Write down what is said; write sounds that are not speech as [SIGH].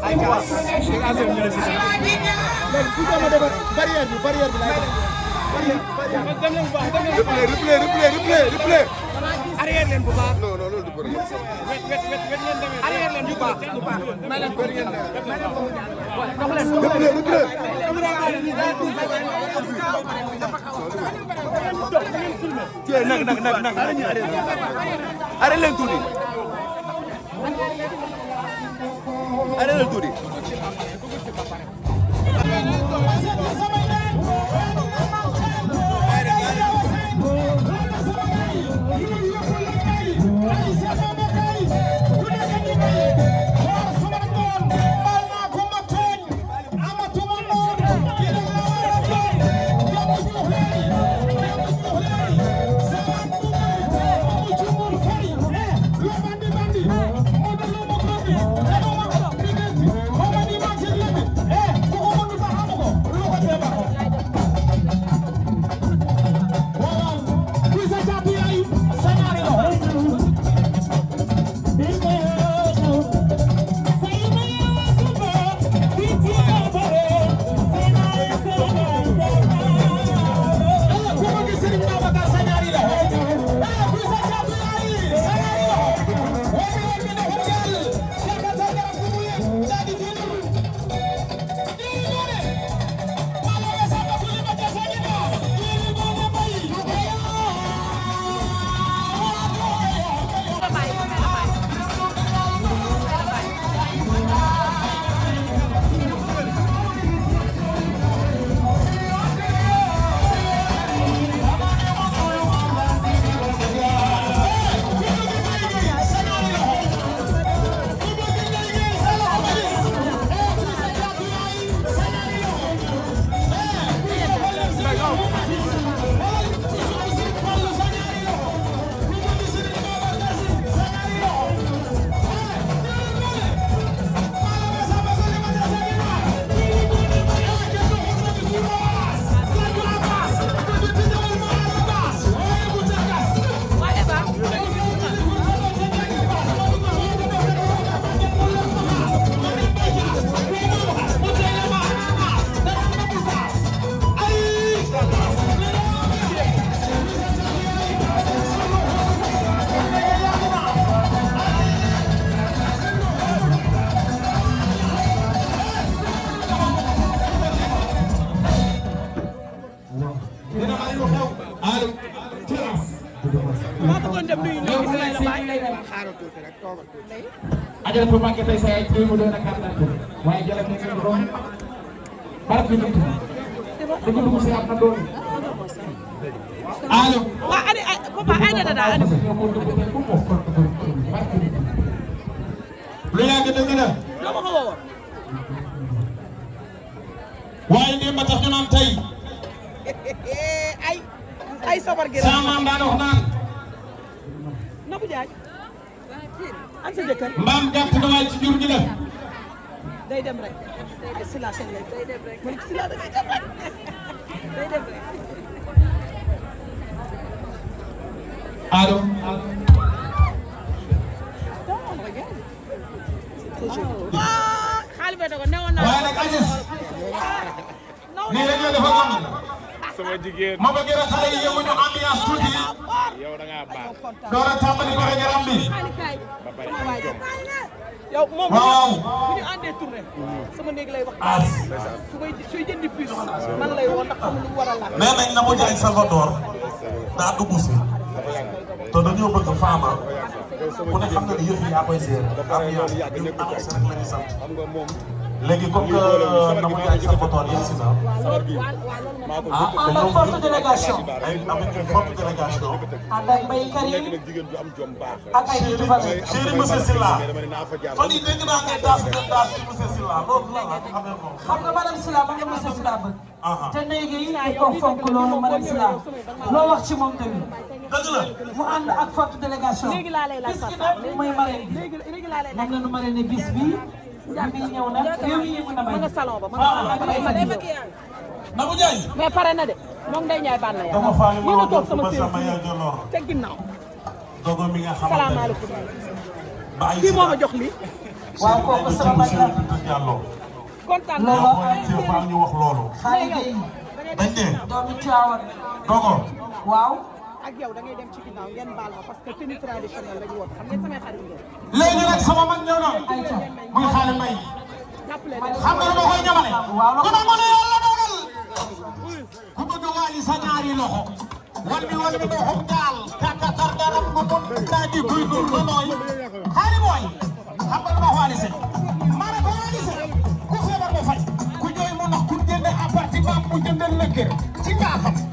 ay kaas dégg nga ñu ne si si léegi ku doon ma defar barrière bi barrière bi laay def. dem leen bu baax dem leen bu baax replay replay replay replay arrière leen bu baax. non non loolu du problème. wet wet wet wet leen demee arrière leen bu baax bu baax. may leen ko ngeen def. replay replay. nag nag nag nag arrêté leen tuuti allez la tuuti ñoom Ismaïla Baye ajal bu manqué tey saa yi mu doon ak kàttan waaye jëlal nañ ko borom barab bi dugg dugg dugg si am na doon allo. waaw Aliou ay papa ay dada daal Aliou. lu yàgg dëgg la. loo ma tax ñu naan tey. [LAUGHS] ay ay sabar gi. sama maam daan wax mbaam gàtt nga waay ci jur gi la. day dem rek day dem rek man si laa da ngay dem rek day dem rek. allo. waaye nag Aziz. nii rek la dafa am. sama jigéen ma bëgg na xale yi yëngu ñu ambiance tuuti. yow da ngaa baax. door a tàmbali ko yaram bi. ba pare am jom. yow moom bu ñu àndee tournée mm. sama néeg lay wax su may suy jëndi puus man lay woo ndax xam lu war a laaj nee nañ na mu jaay Salvador daa dugg si te dañoo bëgg faama ku ne xam nga ne yëf yi yaa koy seer am yoon ñu am rek lañu sant léegi comme que Nabou Ndiaye sa botoon yegg si na ah ànd ak forte délégation. avec une forte délégation. ànd ak Mbaye Karim ak ay nit yu fa nekk. chéri monsieur Sylla fan yii dégg naa ngay daas ngeen daas ci monsieur Sylla loolu la xam nga madame Sylla ma nga monsieur Sylla bëgg. te néegi yi ko fonk loolu madame Sylla loo wax ci moom tamit. dëgg la mu ànd ak forte délégation. bis gi nag mooy marraine bi moom la ñu marraine bis bi. ma nga salon ba ma nga Nabou Ndiaye mais pare na de moom Ndeye Ndiaye bànn yaa ñu ngi toog sama séeréer fii te ginnaaw salaamaaleykum kii moo ma jox lii waaw kooku sama bañ la kontaan naa la ñu wax loolu dañ ne doomi Tiwaawan dogo waaw ak yow da ngay dem ci ginnaaw ngeen baal ma parce que tenue traditionnelle lañu woon xam ngeen samay xarit ngeen. léegi nag sama mag ñëw na muy xaale mbay. xam nga lu ma koy ñamale. waaw ku ne ko ne yàlla dogal. ku bëgg waali sa ñaari loxo. wal bi wal bi doxum daal. kàkkatar daram nga ko daa di buy dur ba nooy. xaali booy. xam nga lu ma ko waali seen. maa ne ko waali seen. ku feebar ba faj. ku jooy mu nax ku jënd appartement mu jëndal la kër. ci nga xam.